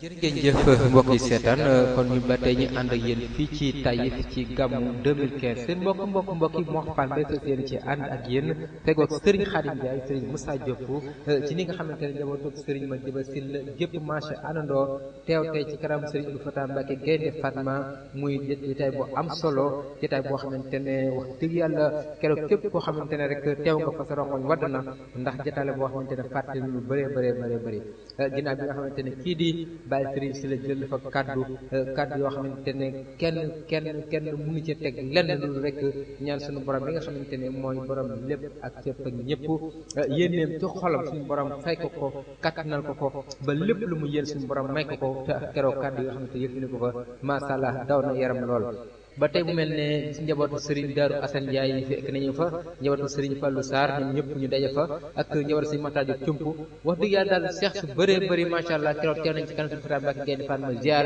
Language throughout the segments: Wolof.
jërëjëf mbokk yi seetaan kon ñu ba tey ñu ànd ak yéen fii ci Taïf ci gàmmu 2015 seen mbokk mbokk mbokk yi Mor Fane ba fas yéen ci ànd ak yéen fegoog Serigne Khadim Ndiaye Serigne Moussa Diop eh, ci ni nga xamante ne njabootu Serigne Madiba Sylla gépp marché àndandoo teew tey ci kanam Serigne Abdou Fatah Mbacké Gaynde Fatma muy jotaay bu am solo jotaay boo xamante ne wax dëgg yàlla keroog képp koo xamante ne rek teew nga fa sa rongoñ wadd na ndax jotaay la boo xamante ne fàttali ñu bëree bëree bëree bëri eh, ginnaaw bàyyi sëriñ si la jël fa kàddu eh, kàddu yoo xamante ne kenn kenn kenn mënu ci teg lenn loolu rek ñaan suñu borom bi nga xamante ne mooy borom lépp ak cëpp ak ñëpp eh, yéeneem ci xolam suñu borom fay ko ko kattanal ko ko ba lépp lu mu yéen suñu borom may ko ko te keroog kàddu yoo xamante yëf ni ko fa masha Allah daw na yaram lool ba tey mu mel ne njabootu Serigne Darou Assane Ndiaye yi fekk nañu fa njabootu Serigne Fallou Sarr ñoom ñëpp ñu daje fa ak njabootu Serigne Makhtar Diop Thioump wax dëgg yàlla daal seex su bëree bëri macha allah keroog teew nañ ci kanam suñu Gaynde Fatma ziar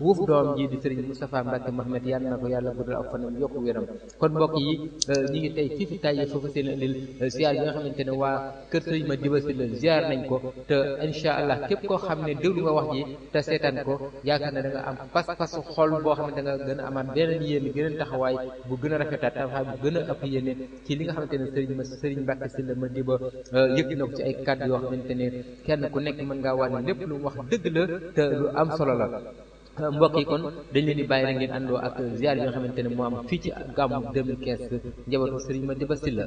wuuf doom ji di Serigne Moustapha Mbacke Mohamed yàlla na ko yàlla guddal ak fanam yokku wéram kon mbokk yi euh, ñi ngi tey fii fi tàyyi foofu seen andil euh, ziar bi nga xamante ne waa kër sëriñ ma diba si la ziar nañ ko te incha allah képp koo xam ne déglu nga wax ji te seetaan ko yaakaar ne da nga am pas-pas xol boo xam ne da gën a amaat beneen yéen gën a taxawaay bu gën a rafetaat taxawaay bu gën ëpp yéene ci li nga xamante ne sëriñ ma sëriñ Mbàkke si la ma diba euh, yëg na ko ci ay kàddu yoo xamante ne kenn ku nekk mën ngaa wàññi lépp lu mu wax dëgg la te lu am solo la euh, mbokk yi kon dañ leen di bàyyi rek ngeen àndoo ak ziar yi nga xamante ne moo am fii ci gàmmu 2015 njabootu sëriñ ma diba si la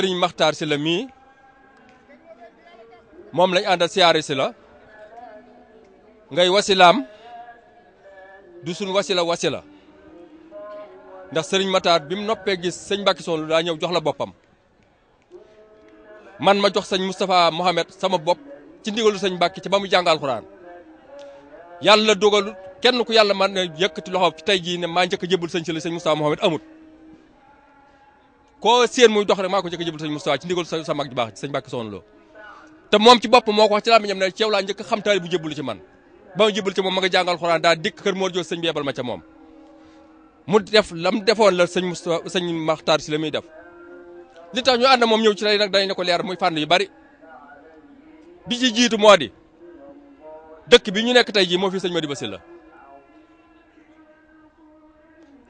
sëriñ Maxtaar si la mii moom lañ ànd a siyaare si la ngay wasilaam du suñ wasila wasila ndax sëriñ Maxtaar bi mu noppee gis sëñ Mbàkke Soxna daa ñëw jox la boppam man ma jox sëñ Moustapha Mohamed sama bopp ci ndigalu sëñ Mbàkke ci ba mu jàng alxuraan yàlla dogalu kenn ku yàlla man ne yëkkati loxo ci tey jii ne maa njëkk a jébbal sëñ si la sëñ Moustapha Mohamed amut koo séen muy dox rek maa ko njëkk a sëñ Moustapha ci ndigal sa mag ju sëñ Mbàkke Soxna Lo te moom ci bopp moo ko wax ci làmmiñam ne ceew laa njëkk xam taali bu jëblu ci man ba ma jëbal ci moom ma nga jàngal xuraan daa dikk kër Mor sëñ bi yebal ma ca moom mu def lam defoon la sëñ Moustapha sëñ Maxtaar si la muy def li tax ñu ànd moom ñëw ci lay nag dañ ne ko leer muy fànn yu bari bi ci jiitu moo di dëkk bi ñu nekk tey jii moo fi sëñ Madiba Sylla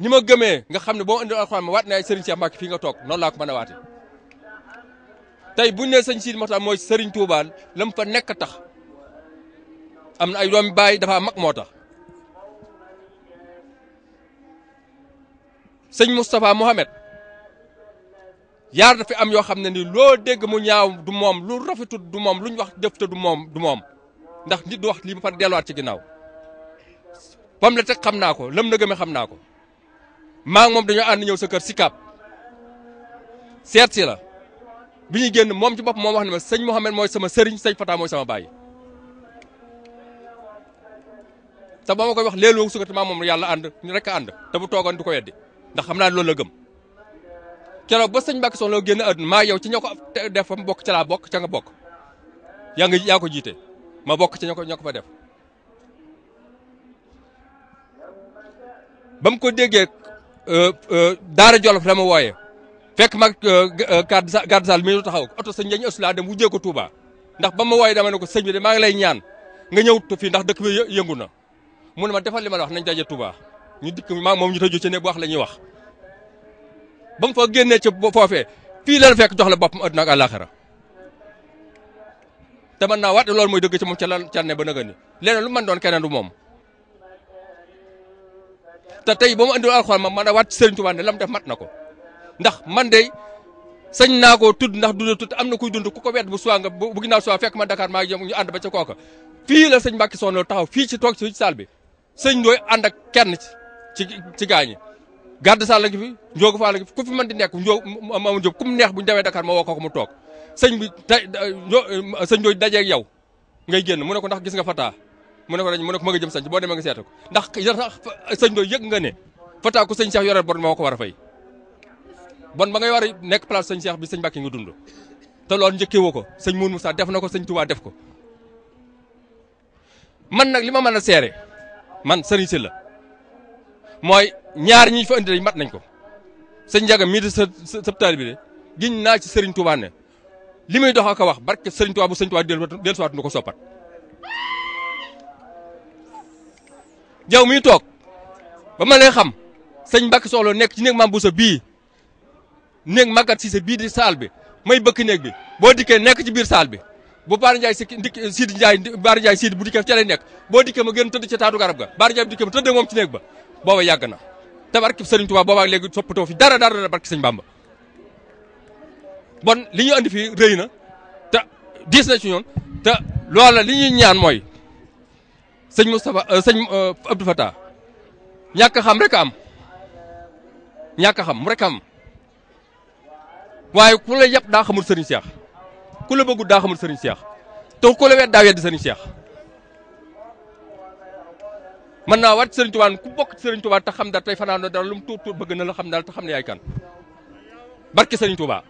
ni ma gëmee nga xam ne boo indi alxuraan ma waat na ay Serigne Cheikh Mbacke fii nga toog noonu laa ko mën a waatee tey buñ ne sëñ Sidi Moxtaar mooy Serigne Touba la mu fa nekk tax am na ay doom baay dafa mag moo tax sëñ Moustapha Mohamed yaar dafa am yoo xam ne ni loo dégg mu ñaaw du moom lu rafetut du moom luñ wax def te du moom du moom ndax nit du wax lii ba pare delluwaat ci ginnaaw pam la teg xam naa ko lam na gëme xam naa ko mang mom dañu and ñew sa kër sikap certi la biñu genn mom ci bop moom wax ne ma sëñ Mouhamed mooy sama sëriñ sëñ Fata moy sama baye ta bama koy wax leel léeg sukkat ko te maa moom yàlla rek and ànd te bu togon du ko weddi ndax xamna naa loolu la gëm kéro ba sëñ Mbacke lo genn aduna ma yow ci ñoko ko def fa mu bokk ca laa bokk nga bok ya nga ya ko jité ma bok ci ñoko ñoko ña fa def bam ko déggé Euh, euh, daar Jolof la ma wooye fekk mag euh, garde salle mi taxaw oto sëñ Ndiagne Assoula dem wujjee ko Touba ndax ba ma wooye dama ne ko sëñ bi de maa ngi lay ñaan nga ñëw fii ndax dëkk bi yëngu na mu ne ma defal li ma la wax nañ daje Touba ñu dikk maa moom ñu tëjoo ci ne bu wax la ñuy wax. ba mu fa génnee ca foofee fii la fekk jox la boppam àdduna ak àllaaxira te naa waat loolu mooy dëgg ci moom ca lan ca ne ba nag a leneen lu man doon keneen du moom. te tey boo mu andiwoon ma a waat Serigne Touba ne lam def mat na ko ndax man de sañ naa koo tudd ndax dund tudd am na kuy dund ku ko wedd bu suwa nga bu ginnaaw suwa fekk ma Dakar maa ngi ba ca kooka fii la sëñ Mbacke Soxna taxaw fii ci toog ci salle bi sëñ dooy ànd ak kenn ci ci gaañi garde salle la fi njoogu faa la fi ku fi mën di nekk njoo ma Diop ku mu neex bu ñu demee ko mu toog sëñ bi tey sëñ dooy dajeeg yow ngay génn mu ne ko ndax gis nga fataa mu ne ko dañ mu ne ko ma nga jëm sanc boo demee nga seeta ko ndax sëñ doo yëg nga ne fataa ko sëñ Cheikh yoreel bon moo ko war a fay bon ba ngay war a nekk place sëñ Cheikh bi sëñ Mbàkke nga dund te loolu njëkkee woo ko sëñ Mourou Moussa def na ko sëñ Touba def ko man nag li ma mën a seere man sëriñ si la mooy ñaar ñi fa indi lañ mat nañ ko sëñ Ndiaga mii di sa sa taalibe bi de giñ naa ci sëriñ Touba ne li muy dox ak a wax barke sëriñ Touba bu sëñ Touba dellusiwaat nu ko soppat. jaw mi toog ba ma lay xam sëñ Mbacke Soxla nekk ci néeg maam bu sa bii néeg màggat si sa bii di saal bi may bëkk néeg bi boo dikkee nekk ci biir saal bi bu Baara Ndiaye si dikk Sidi Ndiaye Baara Ndiaye Sidi bu dikkee ca lay nekk boo dikkee ma gën tëdd ca taatu garab ga Baara Ndiaye bu dikkee ma tëddee moom ci néeg ba booba yàgg na tabarki Sëriñ Tuubaa boobaak léegi soppatoo fi dara dara dara barki sëñ Bamba bon li ñu fi fii rëy na te diis na ci ñoon te loola li ñuy ñaan mooy sëñ Moustapha euh, sëñ euh, Abdou Fatah ñàkk xam rek am ñàkk xam rek am waaye ku la yàpp daa xamul sëriñ Cheikh ku la bëggul daa xamul sëriñ Cheikh te ku la wet daa wedd sëriñ Cheikh mën naa waat sëriñ Tuubaa ku bokk ci sëriñ Tuubaa te xam daal tey fanaan daal lu mu tuut tuut bëgg na la xam daal te xam ne yaay kan barke sëriñ Tuubaa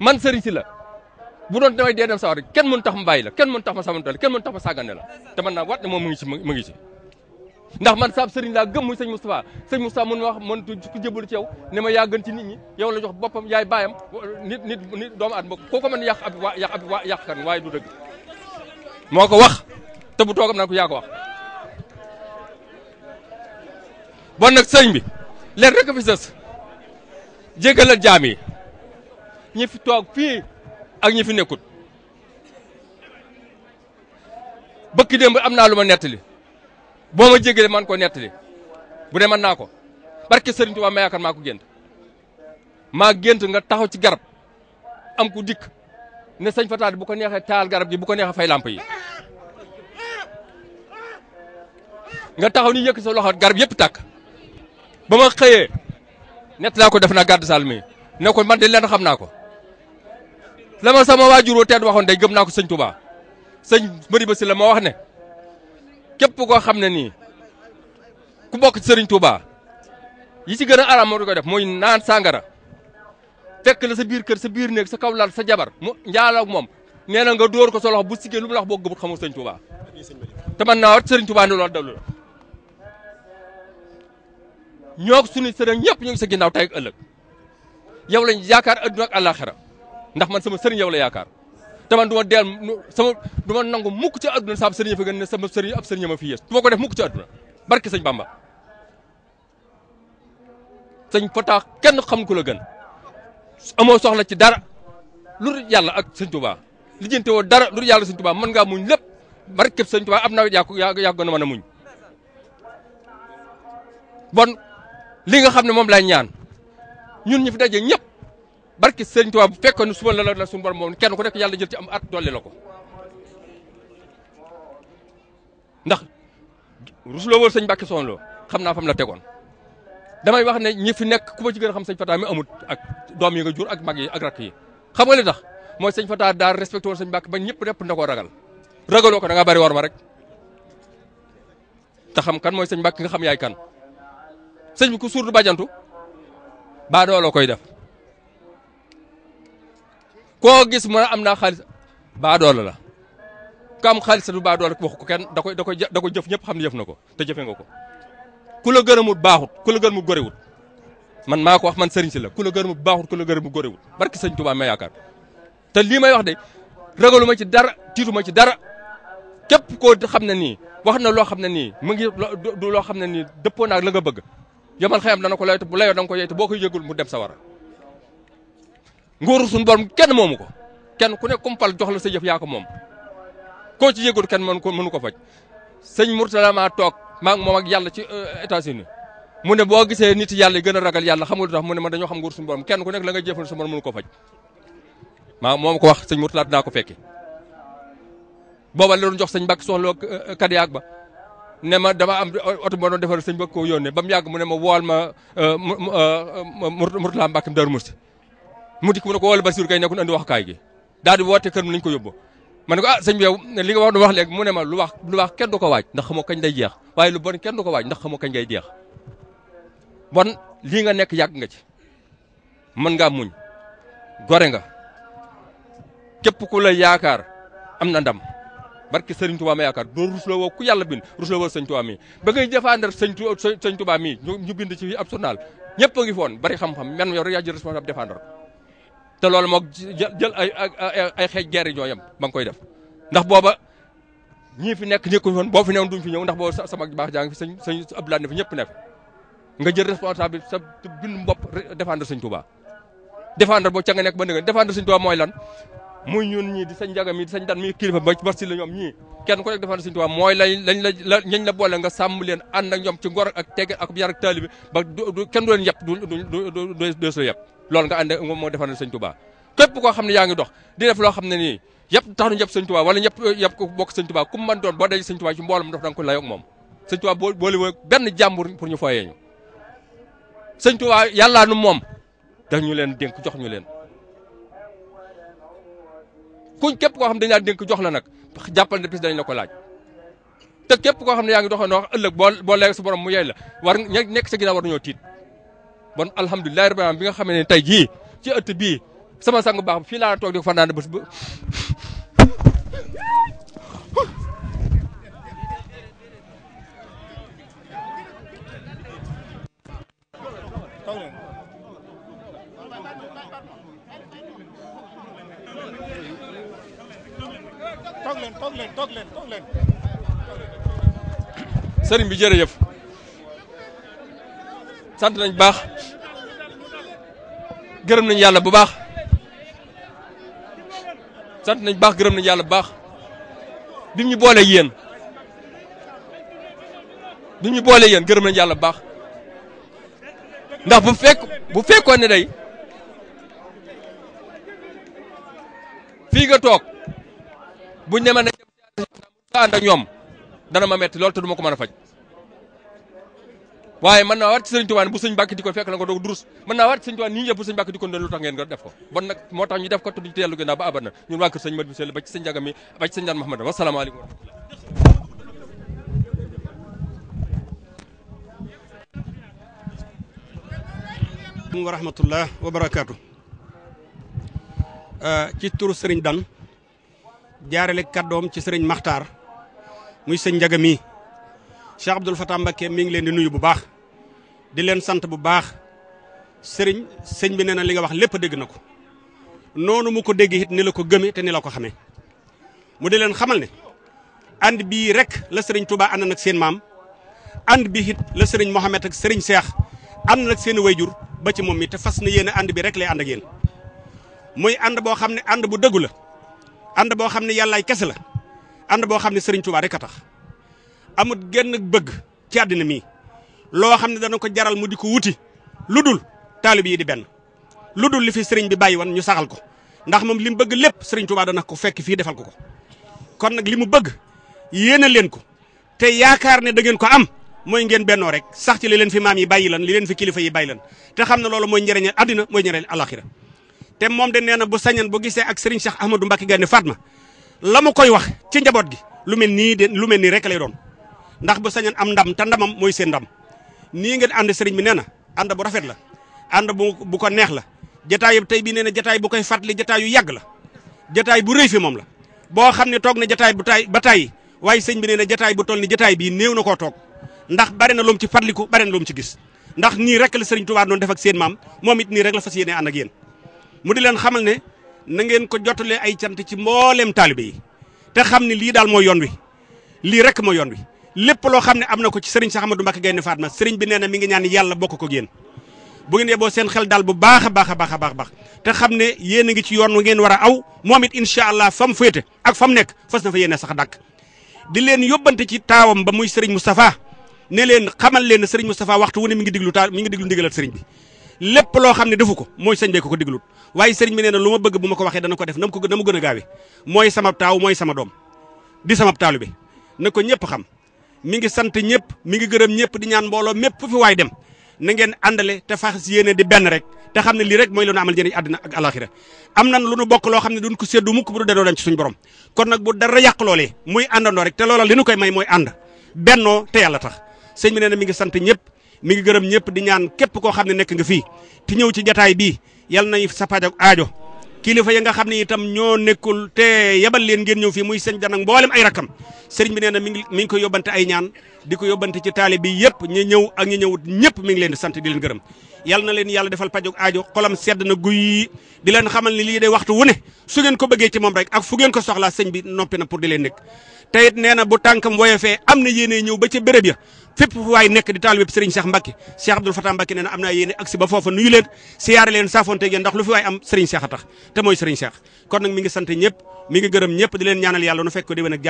man sëriñ si la. bu doon damay dédam sawar kenn mën tax mbay la kenn mën tax ma samante la kenn mën tax ma sagane la te man na wat mo mo ngi ci mo ngi ci ndax man saab serigne la gëm muy serigne Moustapha serigne Moustapha mën wax man ku jëbul ci yow ne ma yaa ci nit ñi yow la jox bopam yaay bayam nit nit nit doom at koo koko man yàq ab waa ab kan way du deug moko wax te bu togam naa ko wax bon nak serigne bi leen rek fi seuss jégalal jaam ñi fi tok fi ak ñi fi nekkut bëkk démb am naa lu ma nettali boo ma jégalee man ko nettali bu de man naa ko barke Sëriñ Tuubaa ma yaakaar maa ko gént maa gént nga taxaw ci garab am ku dikk ne sëñ Fataal bu ko neexee taal garab gi bu ko neexee fay lamp yi nga taxaw ni yëkk sa loxo garab yépp takk ba ma xëyee nett laa ko def naa gàdd saal mi ne ko man de leen xam naa ko la ma sama waajur wu tedd waxoon day gëm naa ko sëñ Touba sëñ Madiba Sylla moo wax ne képp koo xam ne nii ku bokk sëriñ Touba yi ci gën a araam moo di def mooy naan sàngara fekk la sa biir kër sa biir néeg sa kaw lal sa jabar mu njaaloog moom nee na nga dóor ko sa bu siggee lu mu la wax boo gëmut xamul sëñ Touba te man naa wat sëriñ Touba ni loolu dalu la ñoo ko sëriñ ñëpp ñu sa ginnaaw tey ak ëllëg yow lañ yaakaar adduna ak àllaaxira ndax man sama serigne yow la yakar te man duma del sama duma nangu mukk ci aduna sa serigne ya fa gën ne sama serigne ab serigne ya ma fi yes duma ko def mukk ci aduna barke serigne bamba serigne fata kenn xam ko la gën amo soxla ci dara lur yalla ak sëñ tuba lijjante wo dara lur yalla serigne touba man nga muñ lepp barke serigne touba ab nawet yak ko yaa muñ bon li nga xamne mom la ñaan ñun ñi fi ñepp barki sëriñ Tuubaa bu fekkoon ne suba la la suñu borom moom kenn ku nekk yàlla jël ci am at dolli la ko ndax rusloo wër sëñ Mbàkke Soxna Lo xam naa fam la tegoon damay wax ne ñi nekk ku ma ci gën a xam sëñ Fataa mi amut ak doom yi nga jur ak mag yi ak rakk yi xam nga li tax mooy sëñ Fataa daal respecté woon sëñ Mbàkke ba ñëpp nepp na koo ragal ragaloo ko da bari bëri war ma rek te xam kan mooy sëñ Mbàkke nga xam yaay kan sëñ bi ku suur du baa koy def koo gis mu ne am naa xaalis baadoola la ku am xaalis du baadoola wax ko kenn da koy da koy da koy jëf ñëpp xam ne jëf na ko te jëfe nga ko ku la gërëmut baaxut ku la gërëmut gorewut man maa ko wax man sëriñ si la ku la gërëmut baaxut ku la gërëmut gorewut barki sëñ Tuubaa ma yaakaar te lii may wax de ragalu ma ci dara tiitu ci dara képp koo xam ne nii wax na loo xam ne nii mu ngi du loo xam ne nii dëppoo naa la nga bëgg yamal xëyam dana ko layoo bu layoo danga ko yeyte boo koy yëgul mu dem sa wara nguuru suñu borom kenn moomu ko kenn ku ne kumpal jox la sa jëf yaa ko moom koo ci yëgut kenn mënu ko mënu ko faj sëñ Mourtala maa toog maa ngi moom ak yàlla ci euh, états mu ne boo gisee nit yàlla yi gën a ragal yàlla xamul tax mu ne ma dañoo xam nguuru suñu borom kenn ku nekk la nga jëfal suñu borom ko faj maa moom ko wax sëñ Mourtala naa ko fekki booba la doon jox sëñ Mbàkke soxla euh, Kadiak ba ne ma dama am euh, oto moo doon defar sëñ Mbàkke koo yónnee ba mu yàgg mu ne ma wool ma Mourtala Mbàkke Daaru Musti mu dikk mu ne ko wala Basiru kay nekkul andi waxukaay gi daal di woote kër mu nañ ko yóbbu ma ne ko ah sëñ bi yow li nga wax du wax léegi mu ne ma lu wax wax kenn du ko waaj ndax xamoo kañ day jeex waaye lu bon kenn du ko waaj ndax xamoo kañ ngay jeex bon lii nga nekk yàgg nga ci mën ngaa muñ gore nga képp ku lay yaakaar am na ndam barki sëriñ Tuubaa ma yaakaar doo rusloo woo ku yàlla bind rusloo woo sëñ Tuubaa mi ba ngay jëfandar sëñ sëñ Tuubaa mi ñu bind ci ab journal ñëpp a ngi foon xam-xam man yow yaa jël responsable te loolu moog jël ay ay xeej guerre yi ñoo yem koy def ndax booba ñii fi nekk ñëkkuñu woon boo fi newoon duñ fi ñëw ndax booba sama baax jaa ngi fi sëñ sëñ Abdoulaye ne fi ñëpp ne fi nga jël responsable sa bind mbopp défendre sëñ Touba défendre boo ca nga nekk ba nga défendre sañ Touba mooy lan muy ñun ñii di sañ njaga di sañ dan mi kilifa ba ba la ñoom ñii kenn ku nekk defal Sëriñ Tuubaa mooy lañ lañ la la la boole nga sàmm leen ànd ñoom ci ngor ak teg ak yar ak taalibi ba du kenn du leen du du du du su yàpp loolu nga ànd moo defal Sëriñ Tuubaa képp koo xam ne yaa ngi dox di def loo xam ne nii yëpp tax nu ñëpp Sëriñ Tuubaa wala ñëpp yëpp ko bokk Sëriñ Tuubaa ku mu mën doon boo daj Sëriñ Tuubaa ci mbooloo mu dox da nga ko layoo boole benn jàmbur pour ñu foyee ñu Sëriñ Tuubaa yàllaa nu moom dañu leen dénk jox ñu leen kuñ képp ko xam dañ la dénk jox la nak jappal ne bis dañ la ko laaj te képp ko xam ne yaa ngi doxandoo wax ëllëg bo bo lay su borom mu yey la war nekk sa ginnaaw war ñoo tiit bon alhamdulilah rabbi bi nga xam ne tay ji ci ëtt bi sama sang baax fi la tok di fa fanaane bëss Tolong. toog leen toog leen toog sëriñ bi jërëjëf sant nañ baax gërëm nañ yàlla bu baax sant nañ baax gërëm nañ yàlla bu baax bi ñu boole yéen bi ñu boole yeen gërëm nañ yàlla bu baax ndax bu fekk bu fekkoon ne day fii nga toog buñ ne ma ne and ak ñom dana ma metti loolu te duma ko mëna faj waye man na wat serigne touba bu serigne bakki diko fekk la nga doog durus man na wat serigne touba ni ñepp serigne bakki diko di lutax ngeen nga def ko bon nak moo tax ñu def ko tuddu duñ teelu gannaaw ba abana ñun wa keur serigne Mat sel ba ci serigne jagami ba ci serigne Daan mohammed wasalaamaaleykum alaykum rahmatullah wa rahmatullah wa barakaatu Euh, ci turu sëriñ Dan jaarale kàddoom ci sëriñ Maxtaar muy sëñ Njaga mii Cheikh Abdoul Fatah Mbacké mi ngi leen di nuyu bu baax di leen sant bu baax sëriñ sëñ bi nee li nga wax lépp dégg na ko noonu mu ko dégg it ni la ko gëme te ni la ko xamee mu di leen xamal ne ànd bii rek la sëriñ Touba ànd nag seen maam ànd bi it la sëriñ Mohamed ak sëriñ Cheikh ànd nag seen i wayjur ba ci moom mi te fas na yéen ànd bi rek lay ànd ak yéen muy ànd boo xam ne ànd bu dëggu la ànd boo xam ne yàllaay kese la ànd boo xam ne sëriñ Touba rek a tax amut genn bëgg ci àddina mii loo xam ne dana ko jaral mu di ko wuti lu dul taalib yi di benn lu dul li fi Serigne bi bàyyi woon ñu saxal ko ndax moom li mu bëgg lépp Serigne Touba dana ku fekk fii defal ko ko kon nag li mu bëgg yéene leen ko te yaakaar ne da ngeen ko am mooy ngeen bennoo rek sax ci li leen fi maam yi bàyyi lan li leen fi kilifa yi bàyyi lan xam ne loolu mooy njëriñal àddina mooy njëriñal alaxira te moom de nee na bu sañan bu gisee ak Serigne Cheikh Ahmadou Mbacké Gaïndé Fatma la mu koy wax ci njaboot gi lu mel nii de lu mel nii rek lay doon ndax bu sañan am ndam te ndamam mooy seen ndam nii ngeen ànd Serigne bi nee na ànd bu rafet la ànd bu bu ko neex la jataay tey bii nee na jataay bu koy fàttali jataay yu yàgg la jataay bu rëy fi moom la boo xam ne toog na jataay bu tay ba tay waaye sëñ bi nee na jataay bu toll ni jataay bii néew na koo toog ndax bari na loom ci fàttaliku bari na loom ci gis ndax nii rek la Serigne Touba doon def ak seen maam moom it nii rek la fas yéene ànd ak yéen mu di leen xamal ne na ngeen ko jottalee ay cant ci mbooleem taalibe yi te xam ne lii daal mooy yoon wi lii rek mooy yoon wi lépp loo xam ne am na ko ci sëriñ Cheikh Ahmadou Mbacké Gaïndé Fatma sëriñ bi nee na mi ngi ñaan yàlla bokk ko yéen bu ngeen yeboo seen xel daal bu baax a baax a baax a baax te xam ne yéen ngi ci yoon wu ngeen war a aw moom it incha allah fa mu féete ak fa mu nekk fas na fa yéene sax dàkk di leen yóbbante ci taawam ba muy sëriñ Moustapha ne leen xamal leen ne sëriñ Moustapha waxtu wu ne mi ngi diglu taa mi ngi diglu ndigalal sëriñ bi lepp loo xam ne defu ko mooy sëñ bee ko ko diglut waaye sëriñ bi nee na lu ma bëgg bu ma ko waxee dana ko def nam ko na mu gën a gaawe sama taaw mooy sama doom di sama taalu bi na ko ñëpp xam mi ngi sant ñëpp mi ngi gërëm ñëpp di ñaan mbooloo mépp fi waay dem na ngeen àndale te yéene di benn rek te xam ne lii rek mooy lu nu amal njëriñ àddina ak alaxira am nan lu nu bokk loo xam ne duñ ko séddu mukk bu du dedoo ci suñu borom kon nag bu dara yàq loolee muy àndandoo rek te loola li nu koy may mooy ànd bennoo te yàlla tax sëñ bi nee na mi ngi sant ñëpp mi gërëm ñëpp di ñaan képp koo xam ne nekk nga fii te ñëw ci jataay bii yal nañu sa faj aajo kilifa yi nga xam ne itam ñoo nekkul te yebal leen ngeen ñëw fii muy sëñ bi nag mboolem ay rakkam sëriñ bi nee na mi ngi mi ngi ko yóbbante ay ñaan di ko yóbbante ci taale bi yëpp ñu ñëw ak ñu ñëwut ñëpp mi ngi leen di sant di leen gërëm yal na leen yàlla defal pajog aajo xolam sedd na guy di leen xamal ni lii de waxtu wu ne su ngeen ko bëggee ci moom rek ak fu ngeen ko soxlaa sëñ bi noppi na pour di leen nekk te nee na bu tànkam woyofee am na yéene ñëw ba ca béréb ya fépp fu waay nekk di taalibe Serigne Cheikh Mbacke Cheikh Abdoul Fatah Mbacke nee na am naa yéene agsi ba foofa nuyu leen siyaare leen saafonte ngeen ndax lu fi waay am Serigne Cheikh a tax te mooy Serigne Cheikh kon nag mi ngi sant ñëpp mi ngi gërëm ñëpp di leen ñaanal yàlla nu fekk ko déwén ak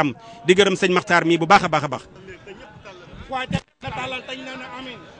di gërëm sëñ Maxtaar mii baax a baax a baax